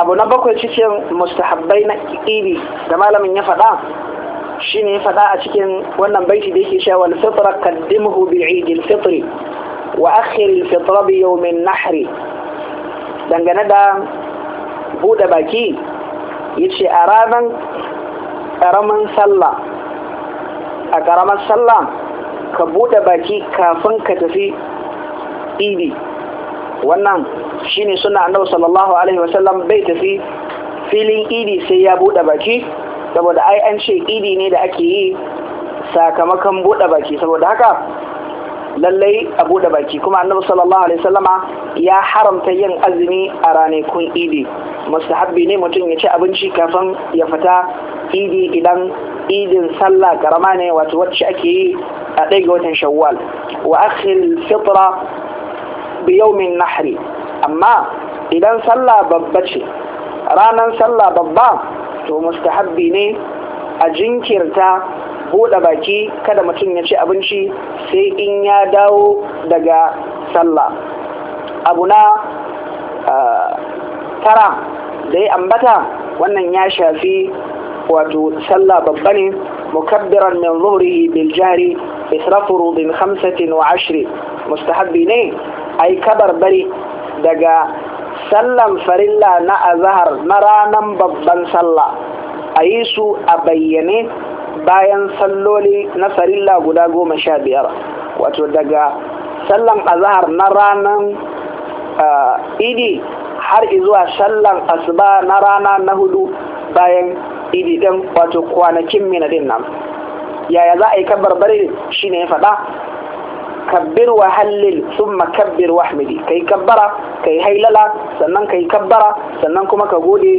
abu na bakwai cikin mustahabbai na ƙiƙiri da malamin ya faɗa shi ne ya faɗa a cikin wannan baiti da yake wani fitra kaddimhu bi idil fitri wa akhir fitra bi yawmin nahri dangane da bude baki yace a ranar ƙaramin sallah a karaman sallah ka buɗe baki kafin ka tafi ƙiɗi. wannan shine suna annabi sallallahu alaihi wasallam bai tafi filin idi sai ya bude baki saboda ai an ce idi ne da ake yi sakamakon bude baki saboda haka lallai a bude baki kuma annabi sallallahu alaihi wasallama ya haramta yin azumi a ranakun idi mustahabbi ne mutum ya ci abinci kafin ya fita idi idan idin sallah karama ne wato wacce ake yi a ɗaya ga watan shawwal wa akhil fitra yau min nahri amma idan sallah babba ce ranar sallah babba to mustahabbi ne a jinkirta bude baki kada mutum ya ci abinci sai in ya dawo daga sallah abu na ah, tara da ya ambata wannan ya shafi wato sallah babba ne mukabbiran min zuhrihi bil jari israfuru bin khamsatin mustahabbi ne a yi kabarbari daga sallan farilla na azahar na ranan babban sallah a yi su a bayyane bayan salloli na farilla guda goma sha biyar wato daga sallan azahar na ranar idi har izuwa sallan asuba na rana na hudu bayan idi ɗin wato kwanakin minadin nan yaya za a yi kabarbari shi ne ya faɗa kabbir wa hallil thumma kabbir wa hamidi kai kabbara kai hailala sannan kai kabbara sannan kuma ka gode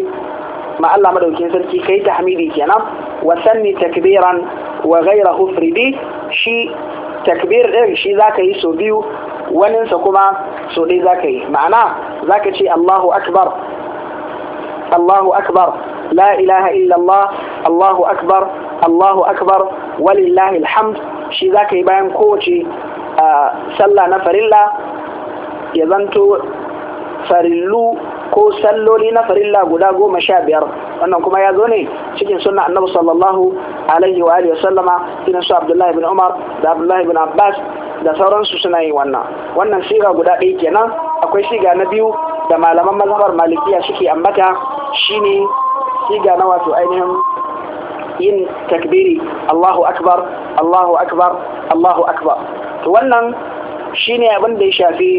ma Allah madaukin sarki kai tahmidi kenan wa sanni takbiran wa ghayra hufridi shi takbir din shi zaka yi so biyu waninsa kuma so dai zaka yi ma'ana zaka ce Allahu akbar Allahu akbar la ilaha illa Allah Allahu akbar Allahu akbar walillahi alhamd shi zaka yi bayan kowace sallah na farilla ya zanto farillu ko salloli na farilla guda goma sha biyar wannan kuma ya zo ne cikin sunna annabi sallallahu alaihi wa alihi sallama irin su abdullahi bin umar da abdullahi bin abbas da sauransu suna yi wannan wannan siga guda ɗaya kenan akwai siga na biyu da malaman mazhabar malikiya suke ambata shine siga na wato ainihin yin takbiri Allahu akbar Allahu akbar Allahu akbar to wannan shine abin da ya shafi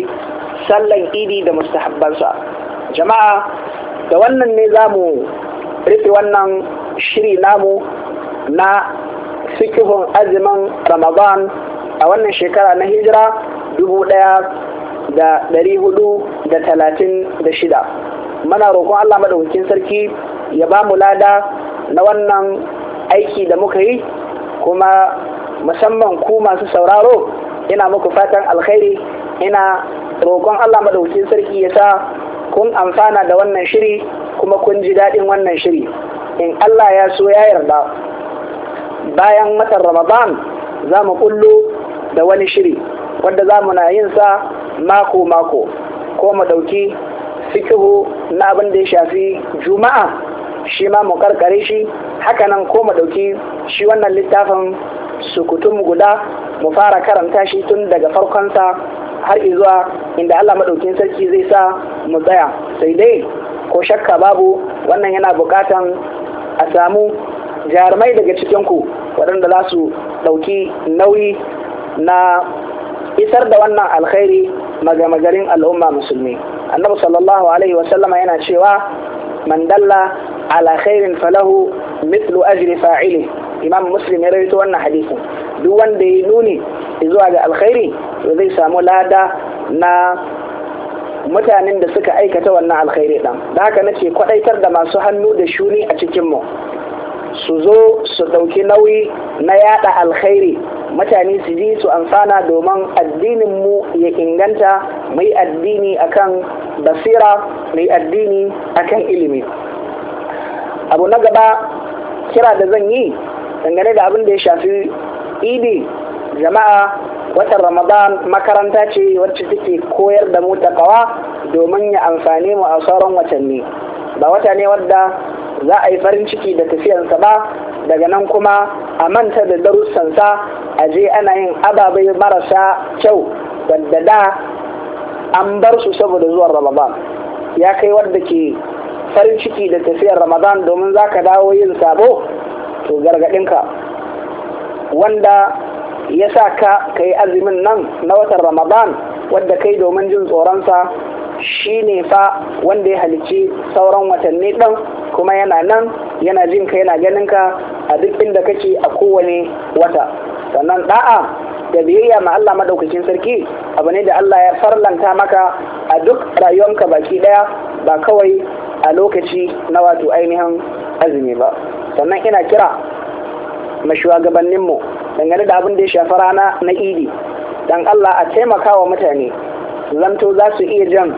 sallan idi da mustahabbansa jama'a da wannan ne za mu rufe wannan shiri namu na fikihun azumin ramadan a wannan shekara na hijira dubu ɗaya da ɗari hudu da talatin da shida mana roƙon allah maɗaukakin sarki ya ba mu lada na wannan aiki da muka yi kuma musamman ku masu sauraro ina muku fatan alkhairi ina roƙon Allah madaukakin sarki ya sa kun amfana da wannan shiri kuma kun ji daɗin wannan shiri in Allah ya so ya yarda bayan watan Ramadan za mu kullo da wani shiri wanda za mu na yin sa mako mako ko mu ɗauki fikihu na abin da ya shafi juma'a shi ma mu karkare shi Haka nan ko mu ɗauki shi wannan littafin sukutum guda mu fara karanta shi tun daga farkonsa har izuwa inda Allah maɗaukin sarki zai sa mu tsaya sai dai ko shakka babu wannan yana buƙatan a samu jarumai daga cikinku waɗanda za su ɗauki nauyi na isar da wannan alkhairi magamagarin al'umma musulmi annabi sallallahu alaihi wasallama yana cewa man dalla ala khairin falahu mithlu ajri fa'ili imam muslim ya rawaito wannan hadisin duk wanda ya nuni zuwa ga alkhairi to zai samu lada na mutanen da suka aikata wannan alkhairi ɗan da haka nace kwadaitar da masu hannu da shuni a cikinmu su zo su ɗauki nauyi na yada alkhairi mutane su ji su amfana domin addininmu ya inganta mai addini akan basira mai addini akan ilimi abu na gaba kira da zan yi dangane da abin da ya shafi idi jama'a watan ramadan makaranta ce wacce take koyar da mu takawa domin ya amfane mu a sauran watanni ba wata ne wadda za a yi farin ciki da tafiyansa ba daga nan kuma a manta da darussansa a je ana yin ababai marasa kyau wadda da an bar su saboda zuwan ramadan ya kai wadda ke farin ciki da tafiyar ramadan domin za ka dawo yin sabo to gargaɗinka wanda ya sa ka ka yi azumin nan na watan ramadan wadda kai domin jin tsoronsa shi ne fa wanda ya halicci sauran watanni ɗan kuma yana nan yana jin ka yana ganin ka a duk inda kake a kowane wata sannan ɗa'a da biyayya ma Allah maɗaukacin sarki abu ne da Allah ya farlanta maka a duk rayuwanka baki ɗaya ba kawai a lokaci na wato ainihin azumi ba sannan ina kira shugabannin shugabanninmu dangane da abin da ya shafi rana na idi dan Allah a taimaka wa mutane zanto za su iya jan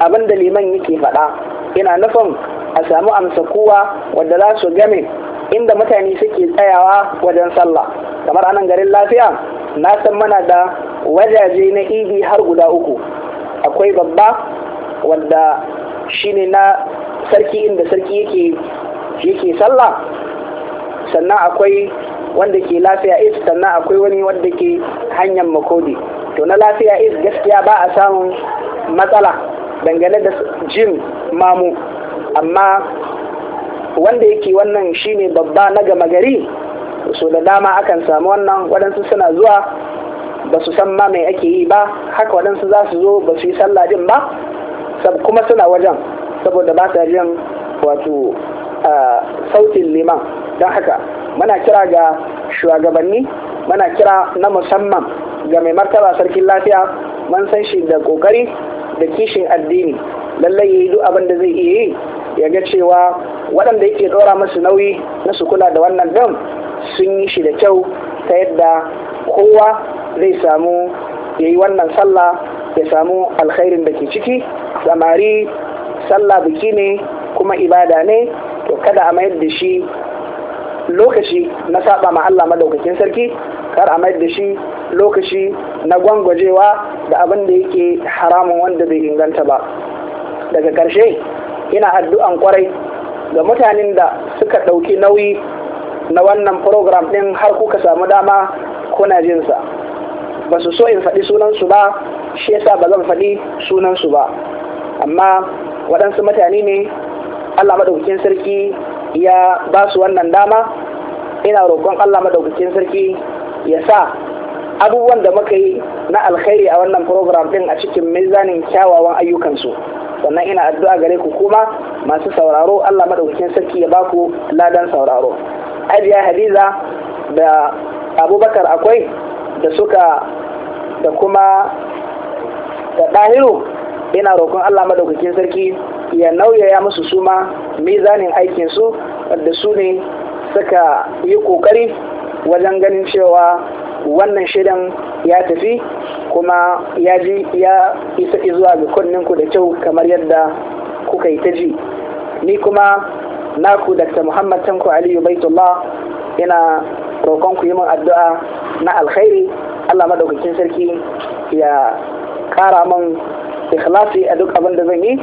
abin da liman yake faɗa ina nufin a samu amsa kowa wadda za su game inda mutane suke tsayawa wajen sallah kamar anan garin lafiya na san mana da wajaje na idi har guda uku akwai babba wadda shine na sarki inda sarki yake yake sallah sannan akwai wanda ke lafiya is sannan akwai wani wanda ke hanyar makodi to na lafiya is gaskiya ba a samun matsala dangane da jin mamu amma wanda yake wannan shine babba na gama gari so da dama akan samu wannan wadansu suna zuwa ba su san ma mai ake yi ba haka waɗansu za su zo ba su yi sallah din ba kuma suna wajen saboda ba sa jin wato ah, sautin liman don haka muna kira ga shugabanni muna kira na musamman ga mai martaba sarkin lafiya mun san shi da kokari da kishin addini lallai ya yi duk abin da zai iya yi ya ga cewa waɗanda yake ɗora masu nauyi na su kula da wannan dam sun yi shi da kyau ta yadda kowa zai samu ya yi wannan sallah ya samu alkhairin da ke ciki samari sallah biki ne kuma ibada ne to kada a mayar da shi lokaci na saba ma Allah madaukakin sarki kar a mai da shi lokaci na gwangwajewa da abin da yake haramun wanda bai inganta ba daga ƙarshe ina addu'an kwarai ga mutanen da suka ɗauki nauyi na wannan program ɗin har kuka samu dama ko kuna jinsa ba su so in faɗi sunansu ba shi yasa ba zan faɗi sunansu ba amma waɗansu mutane ne Allah maɗaukakin sarki ya ba su wannan dama ina roƙon Allah madaukakin sarki ya sa abubuwan da muka yi na alkhairi a wannan program din a cikin mizanin kyawawan ayyukansu sannan ina addu'a gare ku kuma masu sauraro Allah madaukakin sarki ya baku ladan sauraro Ajiya Hadiza da Abubakar akwai da suka da kuma da ɗahiru ina roƙon Allah madaukakin sarki ya nauyaya musu suma mizanin aikinsu da su ne suka yi kokari wajen ganin cewa wannan shirin ya tafi kuma ya ji ya isa zuwa ga kunninku da kyau kamar yadda kuka yi ta ji ni kuma naku dr muhammad tanko aliyu baitullah yana roƙon ku yi min addu'a na alkhairi allah madaukakin sarki ya ƙara min ikhlasi a duk abin da zan yi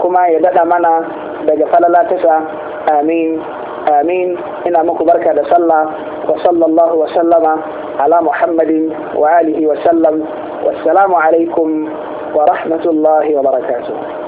kuma ya daɗa mana daga falala tasa amin آمين إن أمك بركة لسلا وصلى الله وسلم على محمد وآله وسلم والسلام عليكم ورحمة الله وبركاته